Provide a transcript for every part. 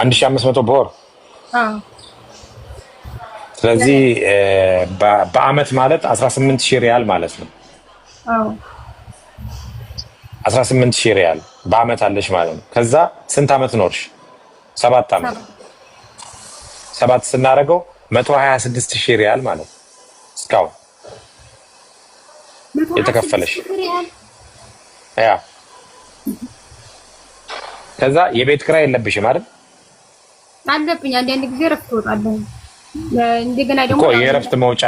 አንድ ሺህ አምስት መቶ በወር ስለዚህ በአመት ማለት አስራ ስምንት ሺህ ሪያል ማለት ነው። አስራ ስምንት ሺህ ሪያል በአመት አለሽ ማለት ነው። ከዛ ስንት አመት ኖርሽ? ሰባት አመት። ሰባት ስናደርገው መቶ ሀያ ስድስት ሺህ ሪያል ማለት ነው እስካሁን የተከፈለሽ ያ ከዛ የቤት ክራይ የለብሽም አይደል? አለብኝ። አንዳንድ ጊዜ እረፍት እወጣለሁ። እንደገና ደግሞ የእረፍት መውጫ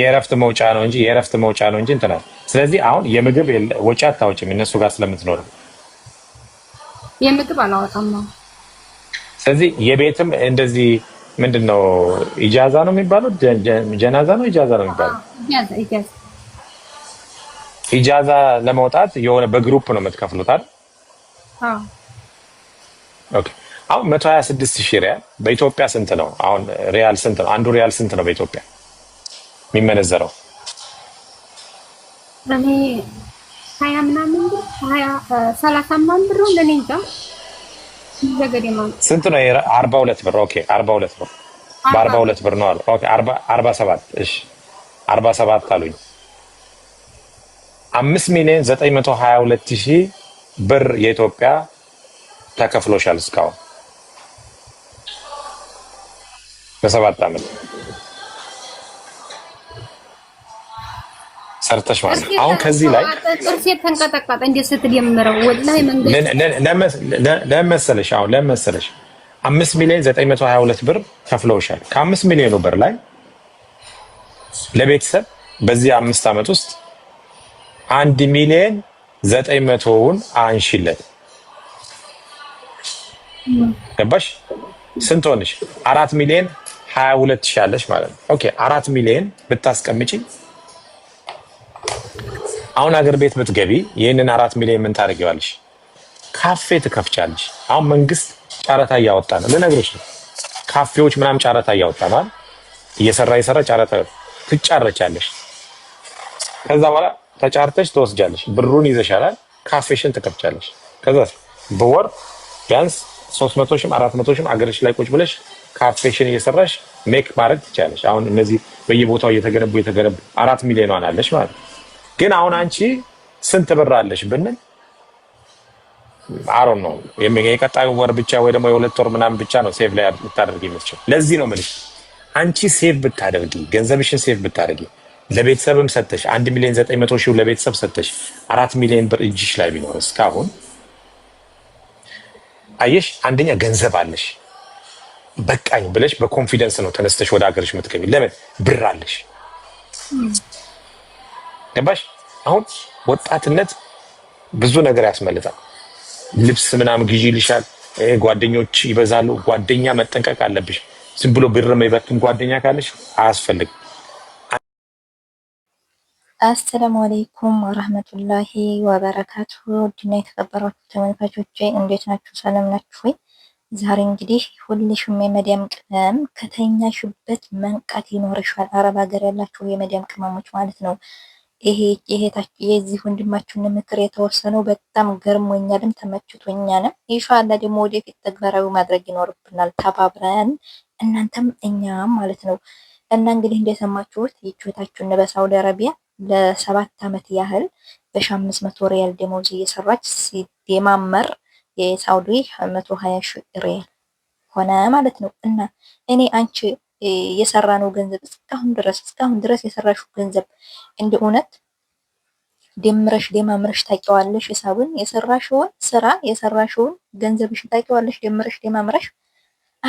የእረፍት መውጫ ነው እንጂ የእረፍት መውጫ ነው እንጂ እንትና። ስለዚህ አሁን የምግብ ወጪ አታወጭም እነሱ ጋር ስለምትኖር የምግብ አላወጣም ነው። ስለዚህ የቤትም እንደዚህ ምንድን ነው ኢጃዛ ነው የሚባለው? ጀናዛ ነው ኢጃዛ ነው የሚባለው? ኢጃዛ ለመውጣት የሆነ በግሩፕ ነው የምትከፍሉት አይደል? አሁን መቶ ሀያ ስድስት ሺህ ሪያል በኢትዮጵያ ስንት ነው? አሁን ሪያል ስንት ነው? አንዱ ሪያል ስንት ነው በኢትዮጵያ የሚመነዘረው? እኔ ሀያ ምናምን ብር ሀያ ሰላሳ ምናምን ብር ነው። እንጃ ስንት ነው? አርባ ሁለት ብር ኦኬ። አርባ ሁለት ብር በአርባ ሁለት ብር ነው አሉ። ኦኬ አርባ ሰባት እሺ፣ አርባ ሰባት አሉኝ። አምስት ሚሊዮን ዘጠኝ መቶ ሀያ ሁለት ሺህ ብር የኢትዮጵያ ተከፍሎሻል እስካሁን በሰባት ዓመት ሰርተሽ ማለት ነው። አሁን ከዚህ ላይ ጥርሴ ተንቀጠቀጠ እንዴ ስትል የምረው ወላሂ መንገድ ለመሰለሽ አሁን ለመሰለሽ አምስት ሚሊዮን ሁለት ብር ከፍለውሻል ከአምስት ሚሊዮኑ ብር ላይ ለቤተሰብ በዚህ አምስት ዓመት ውስጥ አንድ ሚሊዮን ዘጠኝ መቶውን አንሺለት። ገባሽ? ስንት ሆንሽ? አራት ሚሊዮን ሀያ ሁለት ሺ አለሽ ማለት ነው። ኦኬ አራት ሚሊዮን ብታስቀምጪ አሁን አገር ቤት ብትገቢ ይህንን አራት ሚሊዮን ምን ታደርጊዋለሽ? ካፌ ትከፍቻለሽ። አሁን መንግስት ጨረታ እያወጣ ነው፣ ልነግርሽ ነው። ካፌዎች ምናምን ጨረታ እያወጣ ነው። እየሰራ እየሰራ ጨረታ ትጫረቻለሽ። ከዛ በኋላ ተጫርተሽ ትወስጃለሽ። ብሩን ይዘሻላል። ካፌሽን ትከፍቻለሽ። ከዛ በወር ቢያንስ ሶስት መቶ ሺህም አራት መቶ ሺህም አገርሽ ላይ ቁጭ ብለሽ ካፌሽን እየሰራሽ ሜክ ማድረግ ትቻለሽ። አሁን እነዚህ በየቦታው እየተገነቡ የተገነቡ አራት ሚሊዮን አለሽ ማለት ነው። ግን አሁን አንቺ ስንት ብር አለሽ ብንል አሮ ነው የቀጣዩ ወር ብቻ ወይ ደግሞ የሁለት ወር ምናምን ብቻ ነው ሴቭ ላይ ብታደርጊ የምትችል። ለዚህ ነው የምልሽ አንቺ ሴቭ ብታደርጊ ገንዘብሽን ሴቭ ብታደርጊ ለቤተሰብም ሰተሽ አንድ ሚሊዮን ዘጠኝ መቶ ሺህ ለቤተሰብ ሰተሽ አራት ሚሊዮን ብር እጅሽ ላይ ቢኖር እስካሁን አየሽ፣ አንደኛ ገንዘብ አለሽ። በቃኝ ብለሽ በኮንፊደንስ ነው ተነስተሽ ወደ ሀገርሽ የምትገቢ። ለምን ብር አለሽ። ገባሽ? አሁን ወጣትነት ብዙ ነገር ያስመልጣል። ልብስ ምናምን ግዢ ይልሻል፣ ጓደኞች ይበዛሉ። ጓደኛ መጠንቀቅ አለብሽ። ዝም ብሎ ብር የሚበትን ጓደኛ ካለሽ አያስፈልግም። አሰላሙ አሌይኩም ወረህመቱላሂ ወበረካቱ ድና የተከበራችሁ ተመልካቾቼ እንዴት ናችሁ? ሰላም ናችሁ ወይ? ዛሬ እንግዲህ ሁልሽም የመዲያም ቅመም ከተኛሽበት መንቃት ይኖርሻል። አረብ ሀገር ያላችሁ የመዲያም ቅመሞች ማለት ነው። ይሄ የዚህ ወንድማችሁን ምክር የተወሰነው በጣም ገርሞኛልም ተመችቶኛልም። ኢንሻአላ ደግሞ ወደፊት ተግባራዊ ማድረግ ይኖርብናል። ተባብረን እናንተም እኛም ማለት ነው እና እንግዲህ እንደሰማችሁት ይችታችሁን በሳውዲ አረቢያ ለሰባት ዓመት ያህል በ500 ሪያል ደሞዝ እየሰራች ሲደማመር የሳውዲ 120 ሺህ ሪያል ሆነ ማለት ነው። እና እኔ አንቺ የሰራ ነው ገንዘብ እስካሁን ድረስ እስካሁን ድረስ የሰራሽው ገንዘብ እንደ እውነት ደምረሽ ደማምረሽ ታቂዋለሽ? ሂሳቡን የሰራሽውን ስራ የሰራሽውን ገንዘብሽ ታቂዋለሽ? ደምረሽ ደማምረሽ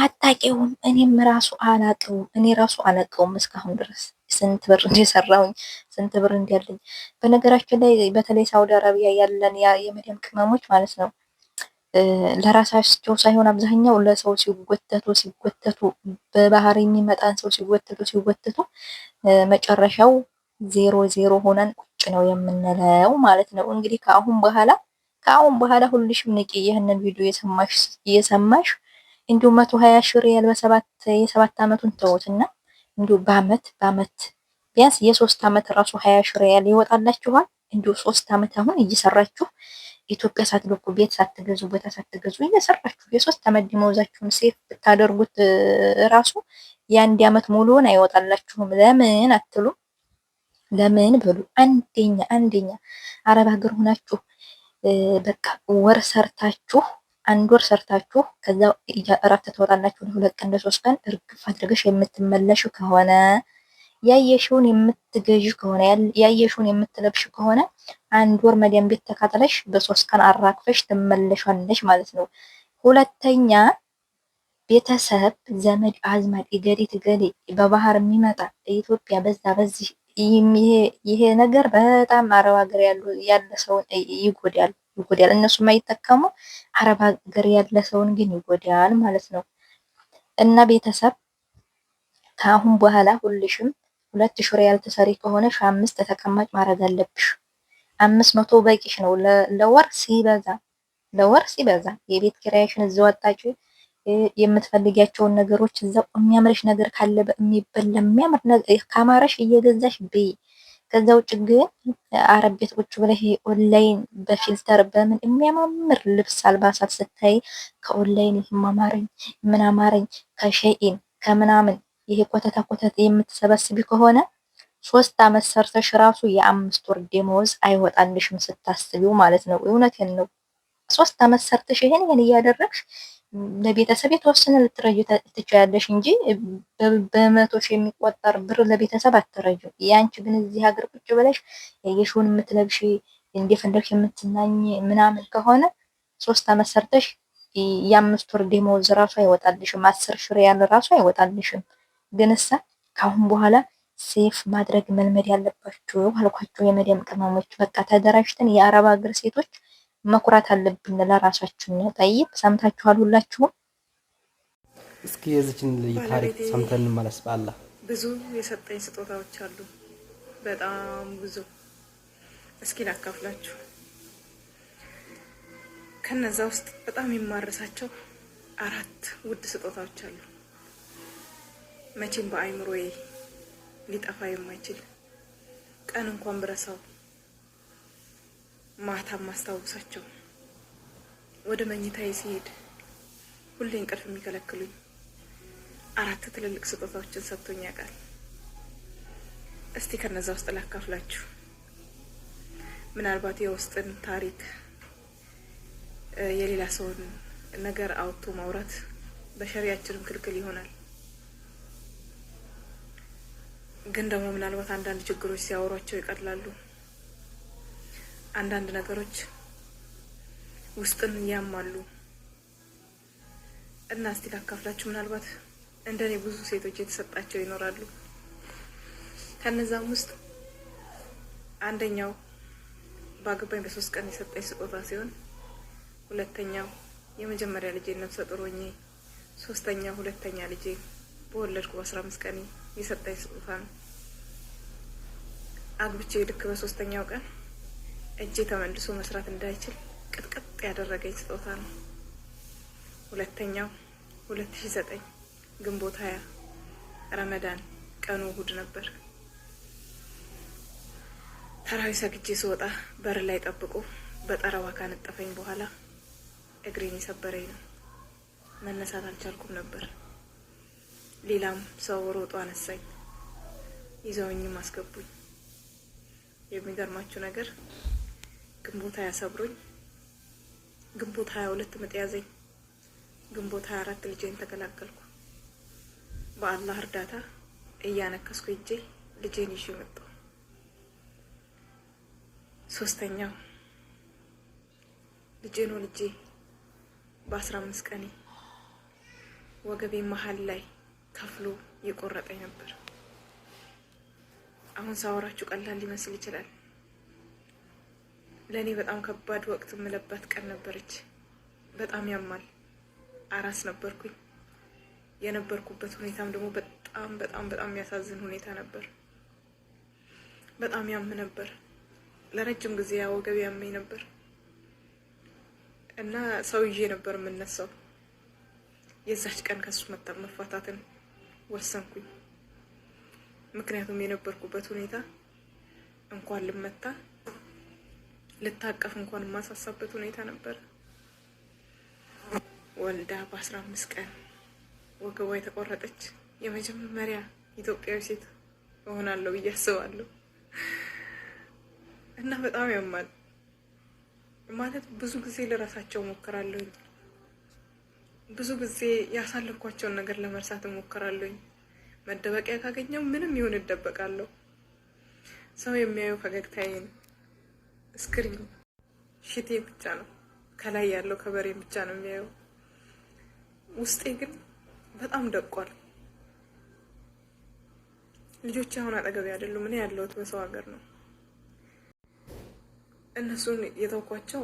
አታውቂውም። እኔም ራሱ አላቀውም እኔ ራሱ አላቀውም እስካሁን ድረስ ስንት ብር እንደሰራውኝ ስንት ብር እንዲያለኝ በነገራችን ላይ በተለይ ሳውዲ አረቢያ ያለን የመዳም ቅመሞች ማለት ነው ለራሳቸው ሳይሆን አብዛኛው ለሰው ሲጎተቱ ሲጎተቱ በባህር የሚመጣን ሰው ሲጎተቱ ሲጎተቱ መጨረሻው ዜሮ ዜሮ ሆነን ቁጭ ነው የምንለው ማለት ነው። እንግዲህ ከአሁን በኋላ ከአሁን በኋላ ሁልሽም ንቂ። ይህንን ቪዲዮ የሰማሽ እንዲሁ መቶ ሀያ ሺህ ሪያል በሰባት የሰባት አመቱን ተውት እና እንዲሁ በአመት በአመት ቢያንስ የሶስት አመት ራሱ ሀያ ሺህ ሪያል ይወጣላችኋል። እንዲሁ ሶስት አመት አሁን እየሰራችሁ ኢትዮጵያ ሳትልኩ ቤት ሳትገዙ ቦታ ሳትገዙ እየሰራችሁ የሶስት አመት ደመወዛችሁን ሴፍ ብታደርጉት ራሱ የአንድ አመት ሙሉውን አይወጣላችሁም። ለምን አትሉ? ለምን በሉ። አንደኛ አንደኛ አረብ ሀገር ሆናችሁ በቃ ወር ሰርታችሁ አንድ ወር ሰርታችሁ ከዛ እረፍት ትወጣላችሁ። ሁለት ቀን ለሶስት ቀን እርግፍ አድርገሽ የምትመለሹ ከሆነ ያየሽውን የምትገዥ ከሆነ ያየሽውን የምትለብሽ ከሆነ አንድ ወር መዲያም ቤት ተካተለሽ በሶስት ቀን አራክፈሽ ትመለሻለሽ ማለት ነው። ሁለተኛ ቤተሰብ፣ ዘመድ፣ አዝማድ እገሌ ትገሌ በባህር የሚመጣ ኢትዮጵያ በዛ በዚህ ይሄ ነገር በጣም አረብ ሀገር ያለ ሰውን ይጎዳል። ይጎዳል። እነሱ የማይጠቀሙ አረብ ሀገር ያለ ሰውን ግን ይጎዳል ማለት ነው። እና ቤተሰብ ከአሁን በኋላ ሁልሽም ሁለት ሺህ ሪያል ተሰሪ ከሆነ ሺህ አምስት ተቀማጭ ማድረግ አለብሽ። አምስት መቶ በቂሽ ነው ለወር ሲበዛ ለወር ሲበዛ የቤት ኪራይሽን እዛው አጣጭ የምትፈልጊያቸውን ነገሮች እዛው የሚያምርሽ ነገር ካለ በሚበላ የሚያምር ካማረሽ እየገዛሽ ብይ። ከዛ ውጭ ግን አረብ ቤት ቁጭ ብለህ ኦንላይን በፊልተር በምን የሚያማምር ልብስ አልባሳት ስታይ ከኦንላይን ይህም አማረኝ ምን አማረኝ ከሸይን ከምናምን ይሄ ኮተታ ኮተት የምትሰበስቢ ከሆነ ሶስት አመት ሰርተሽ ራሱ የአምስት ወር ደመወዝ አይወጣልሽም ስታስቢው ማለት ነው። እውነቴን ነው። ሶስት አመት ሰርተሽ ይሄን ይሄን እያደረግሽ ለቤተሰብ የተወሰነ ልትረዩ ትችያለሽ እንጂ በመቶ ሺህ የሚቆጠር ብር ለቤተሰብ አትረዩ። ያንቺ ግን እዚህ ሀገር ቁጭ ብለሽ ያየሽውን የምትለብሽ እንደፈለግሽ የምትናኝ ምናምን ከሆነ ሶስት አመት ሰርተሽ የአምስት ወር ደመወዝ ራሱ አይወጣልሽም። አስር ሽር ያለ ራሱ አይወጣልሽም። ግን እሳ ከአሁን በኋላ ሴፍ ማድረግ መልመድ ያለባችሁ አልኳችሁ። የመዲያም ቅመሞች በቃ ተደራጅተን የአረብ ሀገር ሴቶች መኩራት አለብን ለራሳችን ነው። ጠይቅ ሰምታችኋል ሁላችሁም። እስኪ የዚችን ልዩ ታሪክ ሰምተን እንመለስ። በአላ ብዙ የሰጠኝ ስጦታዎች አሉ፣ በጣም ብዙ። እስኪ ላካፍላችሁ። ከነዛ ውስጥ በጣም የማረሳቸው አራት ውድ ስጦታዎች አሉ፣ መቼም በአይምሮዬ ሊጠፋ የማይችል ቀን እንኳን ብረሳው ማታም ማስታወሳቸው ወደ መኝታዬ ሲሄድ ሁሌ እንቅልፍ የሚከለክሉኝ አራት ትልልቅ ስጦታዎችን ሰጥቶኝ ያውቃል። እስቲ ከነዛ ውስጥ ላካፍላችሁ። ምናልባት የውስጥን ታሪክ የሌላ ሰውን ነገር አውጥቶ ማውራት በሸሪያችንም ክልክል ይሆናል። ግን ደግሞ ምናልባት አንዳንድ ችግሮች ሲያወሯቸው ይቀላሉ። አንዳንድ ነገሮች ውስጥን ያማሉ እና እስቲ ካካፍላችሁ ምናልባት እንደኔ ብዙ ሴቶች የተሰጣቸው ይኖራሉ። ከነዛም ውስጥ አንደኛው ባገባኝ በሶስት ቀን የሰጠኝ ስጦታ ሲሆን ሁለተኛው የመጀመሪያ ልጄ ነፍሰ ጡር ሆኜ ሶስተኛው ሁለተኛ ልጄ በወለድኩ በአስራ አምስት ቀን የሰጠኝ ስጦታ ነው። አግብቼ ልክ በሶስተኛው ቀን እጄ ተመልሶ መስራት እንዳይችል ቅጥቅጥ ያደረገኝ ስጦታ ነው። ሁለተኛው 2009 ግንቦት 20 ረመዳን ቀኑ እሁድ ነበር። ተራዊ ሰግጄ ስወጣ በር ላይ ጠብቆ በጠረዋ ካነጠፈኝ በኋላ እግሬን የሰበረኝ ነው። መነሳት አልቻልኩም ነበር። ሌላም ሰው ሮጦ አነሳኝ፣ ይዘውኝም አስገቡኝ። የሚገርማችሁ ነገር ግንቦት ሀያ ሰብሮኝ ግንቦት ሀያ ሁለት ምጥ ያዘኝ። ግንቦት ሀያ አራት ልጄን ተገላገልኩ። በአላህ እርዳታ እያነከስኩ እጄ ልጄን ይዤ መጣሁ። ሶስተኛው ልጄን ወልጄ በአስራ አምስት ቀኔ ወገቤ መሀል ላይ ከፍሎ የቆረጠኝ ነበር። አሁን ሳወራችሁ ቀላል ሊመስል ይችላል። ለእኔ በጣም ከባድ ወቅት የምለባት ቀን ነበረች። በጣም ያማል። አራስ ነበርኩኝ። የነበርኩበት ሁኔታም ደግሞ በጣም በጣም በጣም የሚያሳዝን ሁኔታ ነበር። በጣም ያም ነበር። ለረጅም ጊዜ ወገብ ያመኝ ነበር እና ሰው ይዤ ነበር የምነሳው። የዛች ቀን ከሱ መፋታትን ወሰንኩኝ። ምክንያቱም የነበርኩበት ሁኔታ እንኳን ልመታ ልታቀፍ እንኳን የማሳሳበት ሁኔታ ነበር። ወልዳ በአስራ አምስት ቀን ወገቧ የተቆረጠች የመጀመሪያ ኢትዮጵያዊ ሴት እሆናለሁ ብዬ አስባለሁ። እና በጣም ያማል ማለት ብዙ ጊዜ ልረሳቸው ሞከራለሁኝ። ብዙ ጊዜ ያሳለፍኳቸውን ነገር ለመርሳት ሞከራለሁኝ። መደበቂያ ካገኘው ምንም ይሁን እደበቃለሁ። ሰው የሚያየው ፈገግታዬ ነው። ስክሪን ሽቴ ብቻ ነው ከላይ ያለው ከበሬ ብቻ ነው የሚያየው። ውስጤ ግን በጣም ደቋል። ልጆች አሁን አጠገቤ አይደሉም። እኔ ያለሁት በሰው ሀገር ነው። እነሱን የተውኳቸው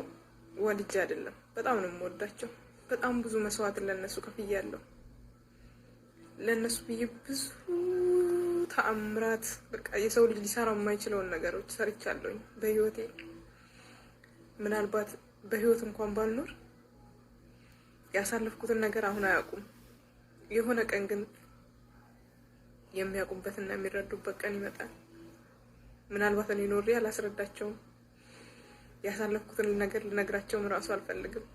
ወልጄ አይደለም። በጣም ነው የምወዳቸው። በጣም ብዙ መስዋዕትን ለእነሱ ከፍያለሁ። ለእነሱ ብዬ ብዙ ተአምራት፣ በቃ የሰው ልጅ ሊሰራው የማይችለውን ነገሮች ሰርቻለሁኝ በህይወቴ ምናልባት በህይወት እንኳን ባልኖር ያሳለፍኩትን ነገር አሁን አያውቁም። የሆነ ቀን ግን የሚያውቁበትና የሚረዱበት ቀን ይመጣል። ምናልባት እኔ ኖሬ አላስረዳቸውም። ያሳለፍኩትን ነገር ልነግራቸውም እራሱ አልፈልግም።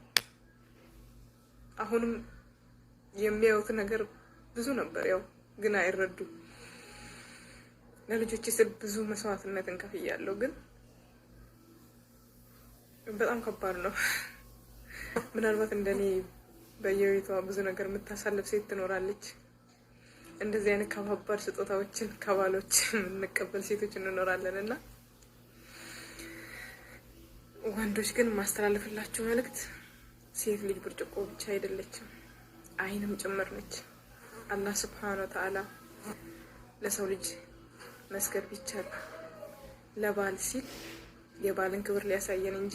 አሁንም የሚያዩት ነገር ብዙ ነበር፣ ያው ግን አይረዱም። ለልጆች ስል ብዙ መስዋዕትነት እንከፍያለሁ ግን በጣም ከባድ ነው። ምናልባት እንደኔ በየቤቷ ብዙ ነገር የምታሳልፍ ሴት ትኖራለች። እንደዚህ አይነት ከባባድ ስጦታዎችን ከባሎች የምንቀበል ሴቶች እንኖራለን እና ወንዶች ግን የማስተላለፍላችሁ መልእክት ሴት ልጅ ብርጭቆ ብቻ አይደለችም፣ አይንም ጭምር ነች። አላህ ስብሓን ወተዓላ ለሰው ልጅ መስገድ ቢቻል ለባል ሲል የባልን ክብር ሊያሳየን እንጂ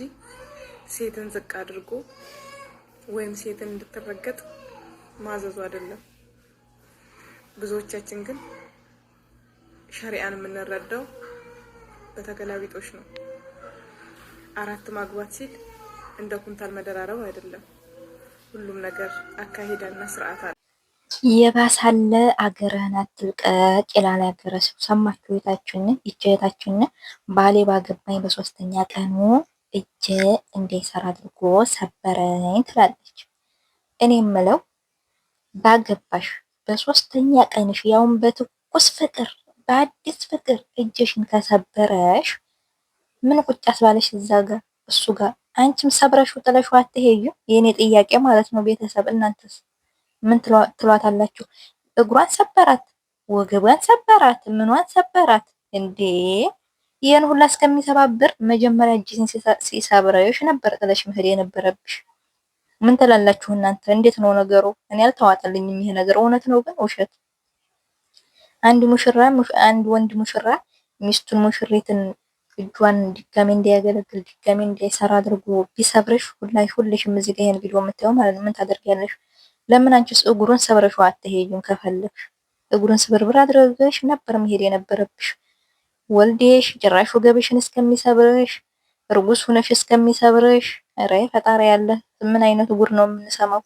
ሴትን ዝቅ አድርጎ ወይም ሴትን እንድትረገጥ ማዘዙ አይደለም። ብዙዎቻችን ግን ሸሪአን የምንረዳው በተገላቢጦች ነው። አራት ማግባት ሲል እንደ ኩንታል መደራረብ አይደለም። ሁሉም ነገር አካሄዳና ስርዓት አለ። የባሳለ አገርህን አትልቀቅ ይላል ያገረ ሰው። ሰማችሁ የታችሁን ይቺ ባሌ ባገባኝ በሶስተኛ ቀኑ እጄ እንዳይሰራ አድርጎ ሰበረኝ ትላለች። እኔ የምለው ባገባሽ በሶስተኛ ቀንሽ ያውን በትኩስ ፍቅር በአዲስ ፍቅር እጅሽን ከሰበረሽ ምን ቁጭ አስባለሽ እዛ ጋር እሱ ጋር አንቺም ሰብረሽ ጥለሽው አትሄዩ? የእኔ ጥያቄ ማለት ነው ቤተሰብ እናንተስ? ምን ትሏታላችሁ? እግሯን ሰበራት፣ ወገቧን ሰበራት፣ ምኗን ሰበራት። እንዴ ይህን ሁላ እስከሚሰባብር መጀመሪያ እጅሽን ሲሰብረሽ ነበር ጥለሽ መሄድ የነበረብሽ። ምን ትላላችሁ እናንተ? እንዴት ነው ነገሩ? እኔ አልተዋጠልኝም ይሄ ነገር። እውነት ነው ግን ውሸት። አንድ ሙሽራ አንድ ወንድ ሙሽራ ሚስቱን ሙሽሪትን እጇን ድጋሜ እንዳያገለግል ድጋሜ እንዳይሰራ አድርጎ ቢሰብርሽ፣ ሁላ ሁልሽም እዚህ ጋር ይሄን ቪዲዮ የምታየው ማለት ነው ምን ታደርጊያለሽ? ለምን አንቺስ እግሩን ሰብረሽው አትሄጂም? ከፈለግሽ እግሩን ስብርብር አድርገሽ ነበር መሄድ የነበረብሽ። ወልዴሽ ጭራሽ ወገብሽን እስከሚሰብርሽ እርጉዝ ሁነሽ እስከሚሰብርሽ። ኧረ ፈጣሪ ያለ ምን አይነት ጉድ ነው የምንሰማው?